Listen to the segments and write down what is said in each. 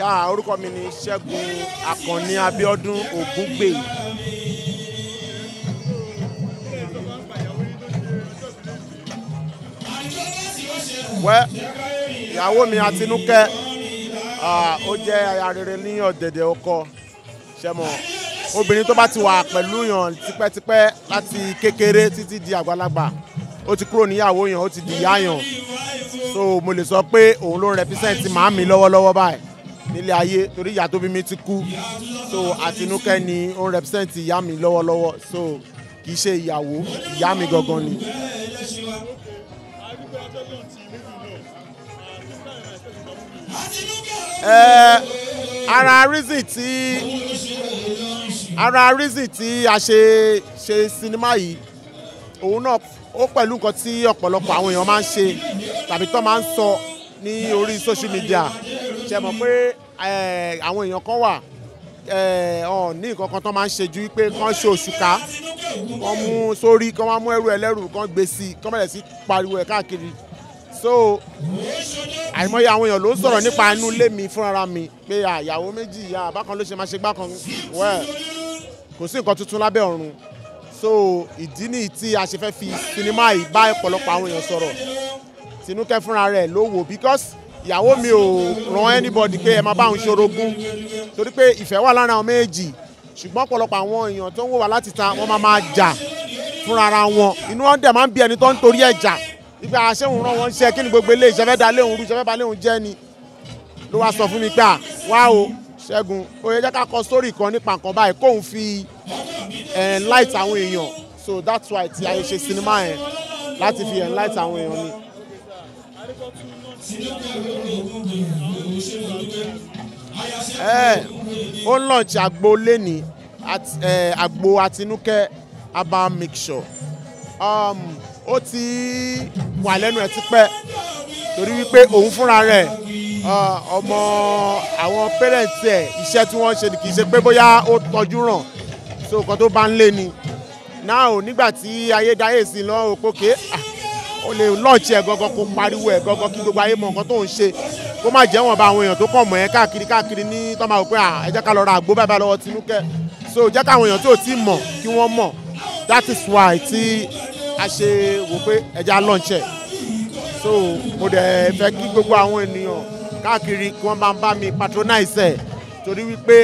yà orúkọ mi ni Ṣẹ́gun Àkànní Abíọ́dún Ògúngbè. wẹ́ ìyàwó mi Àtinúkẹ́ ó jẹ́ aya rere ní ọ̀dẹ̀dẹ̀ ọkọ ṣẹ́mọ̀ obìnrin tó bá ti wà pẹ̀lú yàn tipẹ́tipẹ́ láti kékeré títí di àgbàlagbà ó ti kúrò níyàwó yàn ó ti di ìyá yàn so mo lè sọ pé òun ló ń represent màámi lọ́wọ́lọ́wọ́ báyìí nílé ayé torí ìyá tó bí mi ti kú so àtinúkẹ́ ni ó ń represent ìyá mi lọ́wọ́lọ́wọ́ so kì í ṣe ìyàwó ìyá mi gangan ni. Eh, ara reason tí ara reason tí a ṣe ṣe sinimá yìí òun náà ó pẹ̀lú nǹkan tí ọ̀pọ̀lọpọ̀ àwọn èèyàn máa ń ṣe tàbí tó máa ń sọ ní orí social media ṣe mọ̀ pé eh, àwọn èèyàn kan wà eh, ọ̀n ní nǹkan kan tó máa ń ṣe ju pé kán ṣe òṣùká kán mú sórí kán wá mú ẹrù ẹlẹ́rù kán gbé sí i kán bẹ̀rẹ̀ sí pariwo ẹ̀ káàkiri so àìmọye àwọn èèyàn ló ń sọ̀rọ̀ nípa inú ilé mi fúnra mi pé àyàwó méjì ìyá bákan ló ṣe máa ṣe gbákan well kò sí nǹkan tuntun lábẹ́ ọ̀run so ìdí nìyí tí a ṣe fẹ́ fi sinimá yìí bá ọ̀pọ̀lọpọ̀ àwọn èèyàn sọ̀rọ̀ Tinúkẹ́ fúnra rẹ̀ ló wò because ìyàwó mi ò ràn anybody pé ẹ máa bá òun ṣorogún torí pé ìfẹ́ wà lára àwọn méjì ṣùgbọ́n ọ̀pọ̀lọpọ̀ àwọn èèyàn tó ń wò wá láti ta wọ́n máa máa jà fúnra ara wọn inú wọn dẹ̀ máa ń bí ẹni tó ń torí ẹ̀ jà ibi àṣehùn ah, rán wọn ṣe kí ni gbogbo ilé ìṣẹ́fẹ́ da léhùn rú ìṣẹ́fẹ́ ba léhùn jẹ́ ni ló wá sọ fún mi pé à ah, wá o ṣẹ́gun oyè jẹ́ ká kọ sórí kan nípa nǹkan báyìí kóun fi enlight àwọn èèyàn so that's why ti àyè ṣe sinimá yẹn láti fi light àwọn èèyàn ni ó ń lọ́ọ̀tì àgbo lẹ́ni àgbo àtinúkẹ́ aba mixture um, ó ti wà lẹ́nu ẹ̀ tipẹ́ torí wípé òun fúnra rẹ̀ uh, ọmọ àwọn pẹ́rẹ́ǹtì ẹ̀ iṣẹ́ tí wọ́n ṣe kì í ṣe pé bóyá ó tọ́jú ràn so nǹkan tó bá ń lé ni náà nígbà tí ayédáyé sí lọ́wọ́ òpókè. Okay ah, o lè lọ́ọ̀tì ẹ̀ gọ́gọ́ kó pariwo ẹ̀ gọ́gọ́ kí gbogbo ayé mọ nǹkan tó ń ṣe kó má jẹ́ bá àwọn èèyàn tó kàn mọ́ ẹ káàkiri káàkiri ní tọ́mà wò pé ẹ jẹ́ ká lọ ra àgbo bàbá lọ́wọ́ Tinúkẹ́ so jẹ́ káwọn èèyàn tí ò tí mọ̀ kí wọ́n mọ̀ that is why tí a ṣe wò pé ẹja lọ́ọ̀nṣẹ̀ so mo dẹ̀ fẹ́ kí gbogbo àwọn ènìyàn káàkiri kí wọ́n bá ń bá mi patronize ẹ̀ torí wípé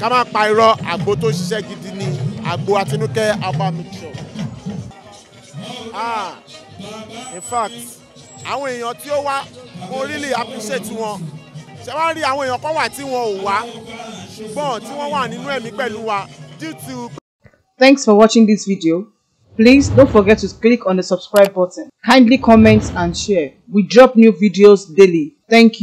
ká má pa irọ́ àgbo tó ṣiṣẹ́ gidi ni àgbo Àtinúkẹ́ abamixture. Ah, in fact àwọn èèyàn tí ó wá mo really appreciate wọn ṣe wá rí àwọn èèyàn kan wà tí wọn ò wá ṣùgbọ́n tí wọ́n wà nínú ẹ̀mí pẹ̀lú wa due to. Thanks for watching this video. Please don't forget to click on the subscribe button. Kindly comment and share. We drop new videos daily. Thank you.